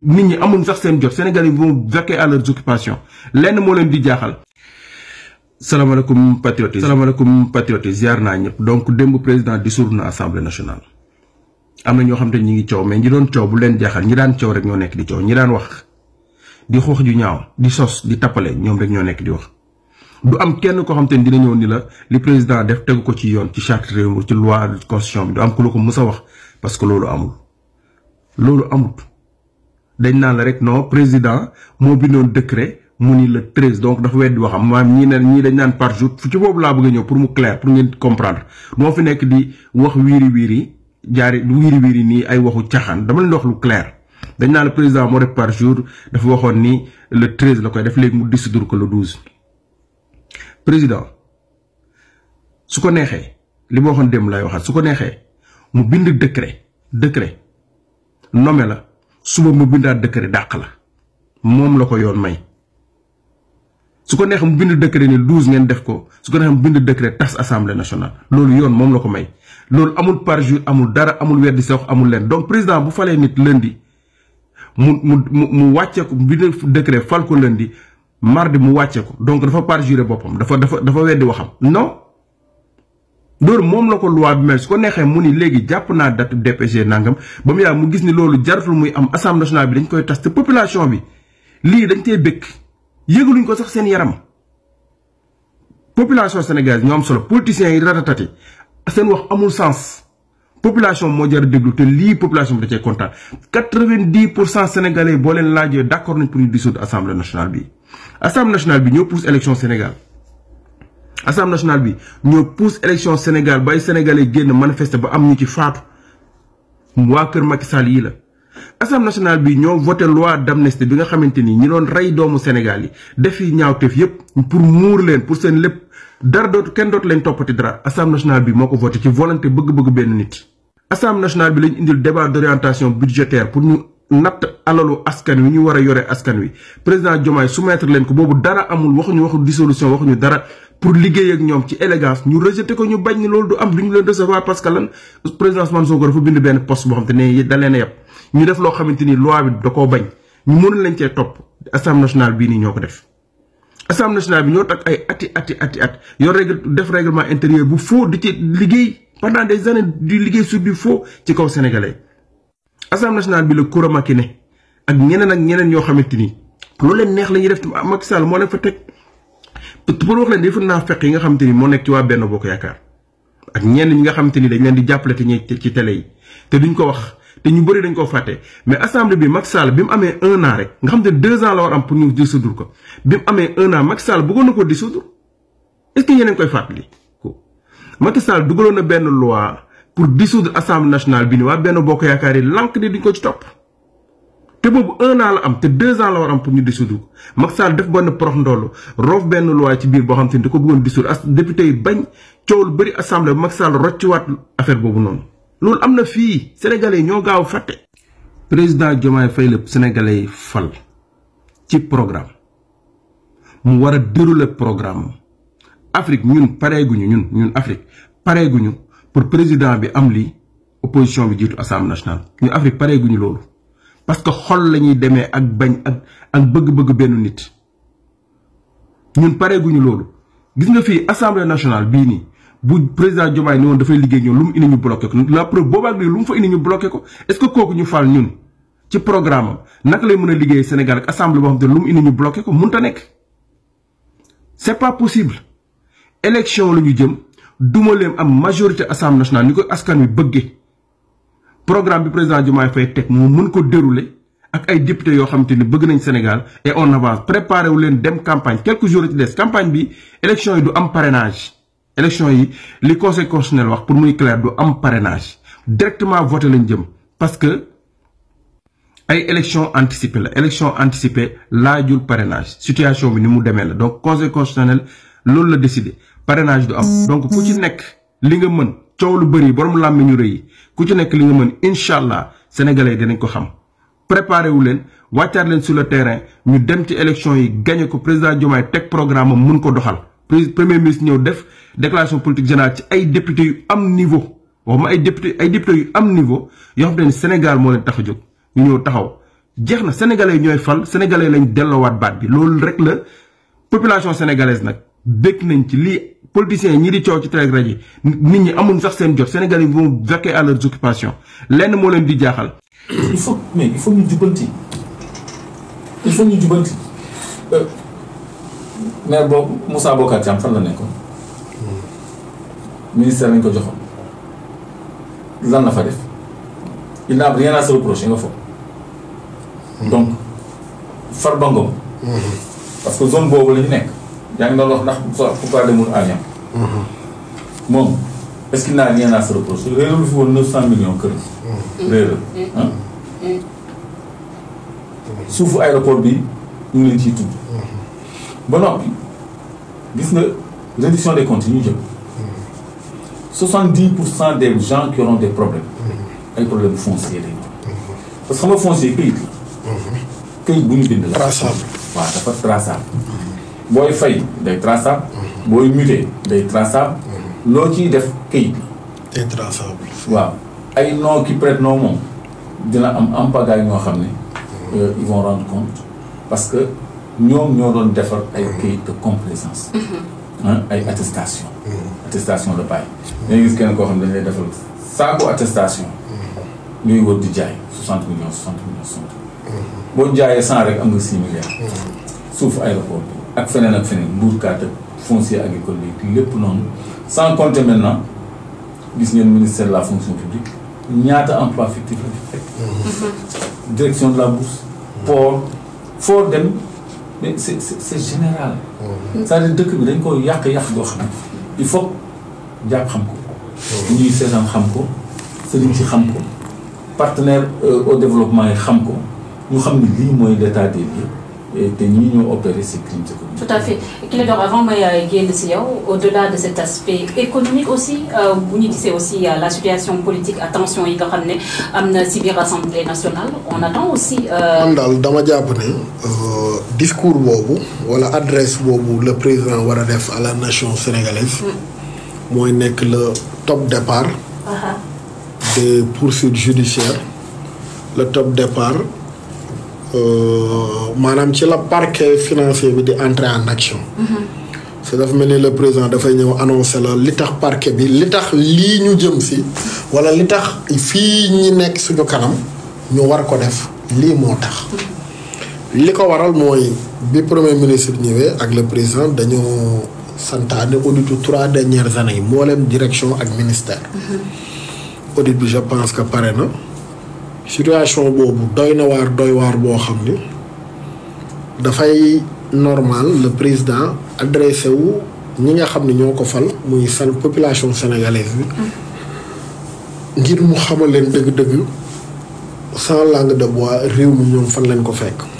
nit ñi amul sax seen jot Sénégalais yi vont vaquer à leurs occupations lenn moo leen di jaaxal. salaamaaleykum patriote salaamaaleykum patriote ziar naa ñëpp donc démb président dissoudre na assemblée nationale. am na ñoo xam te ñi ngi coow mais ñi doon coow bu leen jaaxal ñi daan coow rek ñoo nekk di coow ñi daan wax di xoox ju ñaaw di sos di tappale ñoom rek ñoo nekk di wax. du am kenn koo xam te ni dina ñëw ni la li président def tegu ko ci yoon ci charte réew mi ci loi constitution bi du am ko mës a wax parce que loolu amul dañ naan la rek non président moo bindoon décret mu ni le treize donc dafa di waxam maanaam ñii ne ñii dañ naan par jour fu ci boobu laa bëgg a ñëw pour mu clair pour ngeen comprendre moo fi nekk di wax wiiri wiiri jaari wiiri wiiri nii ay waxu caaxaan dama leen wax lu clair. dañ naan le président moo def par jour dafa waxoon ni le treize la koy def léegi mu dissoudre ko le douze. président su ko neexee li ma waxoon démb lay waxaat su ko neexee mu bind décret décret nommé la. suba mu bindaat décret dàq la moom la ko yoon may su ko neex mu bind décret ni douze ngeen def ko su ko neex mu bind décret tas assemblée nationale loolu yoon moom la ko may loolu amul parjure amul dara amul weddi sa wax amul leen donc président bu falee nit lundi mu mu mu wàcce ko bind décret fal ko lundi mardi mu wàcce ko donc dafa parjure boppam dafa dafa dafa weddi waxam non loolu moom la ko loi bi mel su ko neexee mu ni léegi jàpp naa date DPG nangam ba mu yàgg mu gis ni loolu jaratul muy am assemblée nationale bi dañ koy tas te population bi lii dañ tee bëgg yëgaluñ ko sax seen yaram. population sénégalaise ñoo am solo politiciens yi ratatati seen wax amul sens population moo jar déglu te lii population bi da cee kontaan quatre-vingt-dix pour cent sénégalais boo leen laajee d'accord nañ pour ñu dissoudre assemblée nationale bi. assemblée nationale bi ñoo pousse Sénégal. assemblée nationale bi ñoo pousse élection Sénégal bay sénégalais génn manifester ba am ñu ci faatu waa kër Macky Sall yii la. assemblée nationale bi ñoo voté loi d'amnistie bi nga xamante ni ñi doon rey doomu Sénégal yi def yi ñaawteef yépp pour muur leen pour seen lépp dara dootu kenn dootu leen toppati dara assemblée nationale bi moo ko voté ci volonté bëgg-bëgg benn nit. assemblée nationale bi lañ indil débat d'orientation budgétaire pour ñu natt alalu askan wi ñu war a yore askan wi président Diomaye soumettre leen ko boobu dara amul waxuñu waxu dissolution waxuñu dara. pour liggéey ak ñoom ci élégance ñu te ko ñu bañ loolu du am du ñu leen recevoir parce que lan président Ousmane Sonko dafa bind benn poste boo xam te da leen a ñu def loo xamante ni loi bi da koo bañ ñu mënu leen cee topp assemblée nationale bii nii ñoo ko def. assemblée nationale bi ñoo takk ay ati ati ati at yor règle def règlement intérieur bu foo di ci liggéey pendant des années di liggéey sur du faux ci kaw sénégalais assemblée nationale bi la Kourouma ki ne ak ñeneen ak ñeneen ñoo xamante ni. loolu leen neex la ñuy def Macky Sall moo fa teg. pour wax leen defu naa fekk yi nga xamante ni moo nekk ci waa benn bokk yaakaar ak ñenn ñi nga xamante ni dañ leen di jàppale te ñuy ci télé yi te duñ ko wax te ñu bëri dañ koo fàtte mais assemblée bi Macky Sall bi mu amee un an rek nga xam te deux ans la war ko bi mu amee un an Macky Sall bëggoon na ko dissoudre est ce que ñeneen koy fàttali ko Macky Sall dugaloon na benn loi pour dissoudre assemblée nationale bi ni waa benn bokk yaakaar yi lànk ni duñ ko ci topp. te boobu un la am te deux ans la war pour ñu dissoudre ko Macky Sall def benn prox ndoolu roof benn loi ci biir boo xam te ni da ko bëggoon dissoudre as député yi bañ coow lu bëri assemblée bu Macky Sall rocciwaat affaire boobu noonu loolu am na fii yi ñoo gaaw fàtte. président Diomaye Faye la sénégalais yi fal ci programme mu war a dérouler programme Afrique ñun pareeguñu ñun ñun Afrique pareeguñu pour président bi am lii opposition bi jiitu assemblée nationale ñun Afrique pareeguñu loolu. parce que xol la ñuy demee ak bañ ak ak bëgg-bëgg benn nit ñun pareeguñu loolu gis nga fii assemblée nationale bii nii bu président Diomaye ni woon dafay liggéey ñoom lu mu indi ñu bloqué ko la preuve boobaag léegi lu mu fa indi ñu bloqué ko est kooku ñu fal ñun ci programme am naka lay mën a liggéey Sénégal ak assemblée boo lu mu indi ñu bloqué ko mënta nekk c'est pas possible élection la ñu jëm duma leen am majorité assemblée nationale ni ko askan wi bëggee programme bi président Diomaye Faye teg moo mën ko dérouler ak ay député yoo xamante ni bëgg nañ Sénégal et on avance préparé wu leen dem campagne quelques jours ci des campagne bi élection yi du am parrainage élection yi li conseil constitutionnel wax pour muy clair du am parrainage directement voté lañ jëm parce que ay élection anticipée la élection anticipée laajul parrainage situation bi ni mu demee la donc conseil constitutionnel loolu la décidé parrainage du am donc ku ci nekk li nga mën coow lu bëri borom làmmi ñu rëy ku ci nekk li nga mën incha allah sénégalais dinañ ko xam préparé wu leen wàccaat leen sur le terrain ñu dem ci élection yi gagné ko président Diomaye teg programme am mun ko doxal. premier ministre ñëw def déclaration politique générale ci ay député yu am niveau waxuma ay député ay député yu am niveau yoo xam te Sénégal moo leen tax a jóg ñu ñëw taxaw jeex na sénégalais ñooy fal sénégalais lañ delloowaat baat bi loolu rek la population sénégalaise nag. bëgg nañ ci lii politiciens yi ñi di coow ci télé rajo nit ñi amuñ sax seen jot Sénégal yi vont vaquer à leurs occupations lenn moo leen di jaaxal. il faut mais il faut ñu jubanti il ñu jubanti euh, maire boobu Moussa Bocar Thiam fan la nekkoon. ministère lañ ko joxoon lan la fa def il n'a rien à se reprocher nga foog. donc Farba Ngom. Mm-hmm. parce que zone boobu la nekk. yaa ngi doon wax ndax pourquoi demul Amiens. Mhm. moom est-ce qu'il n'a rien à se reprocher réeral fi woon 900 millions kër. Mhm. réeral mhm. ah. suufu bi ñu ngi leen ciy tudd. ba noppi gis nga réduction des comptes yi ñu jëm. pour cent des gens qui auront des problèmes. ay problèmes fonciers lañu. parce que xam nga foncier kayit la. kayit bu ñu bind la. traçable waaw dafa traçable. booy fay day traçable. booy muté day traçable. loo ciy def këyit. day traçable. waaw ay non qui prête non moom dina am ampagaay ñoo xam ne. Euh, ils vont rendre compte parce que ñoom ñoo doon defar ay këyit de complaisance. Mm-hmm. ay attestation mm-hmm. attestation de bail. dañuy gis kenn koo xam ne dañ lay defal saako attestation. Mm-hmm. ñuy wër di jaay soixante millions soixante millions soixante. boo jaayee cent rek am nga six milliards. suuf aéroport bi. ak feneen ak feneen mbuurkaat ak foncier agricole lépp noonu sans compter maintenant gis ngeen ministère de la fonction publique ñaata emploi fictif la fi fekk mhm. direction de la bourse mhm. port foo dem mais c'est c'est général mhm. cest à dëkk bi dañ ko yàq-yàq goo xam ne il faut jàpp xam ko ñuy seetaan xam ko sëriñ si xam ko partenaire euh, au développement yi xam ko ñu xam ni lii mooy l'état des lieux te ñii ñoo opéré ces crimes avant may génn si yow au-delà de cet aspect économique aussi bu ñu gisee aussi euh, la situation politique attention yi nga xam ne am euh, na si biir assemblée nationale on attend aussi. Euh, dama jàpp ne discours boobu wala adresse boobu le président war a def à la nation sénégalaise. Mm. mooy nekk le top départ. Ah ah. des poursuites judiciaires le top départ. Euh, maanaam ci la parquet financier bi di entrer en action. su mm-hmm. dafa mel ni le président dafay ñëw annoncé la li tax parquet bi li tax lii ñu jëm si wala li tax fii ñi nekk suñu kanam ñu war ko def lii moo tax. Mm-hmm. li ko waral mooy bi premier ministre ñëwee ak le président dañoo santaane auditu trois dernières années yi mbooleem direction ak ministère. Mm-hmm. audi bi je pense que pare na. situation boobu doy na waar doy waar boo xam ni dafay normal le président adressé wu ñi nga xam ne ñoo ko fal muy san population sénégalaise bi ngir mu xamal leen dëgg-dëgg sans langue de bois réew mi ñoom fan leen ko fekk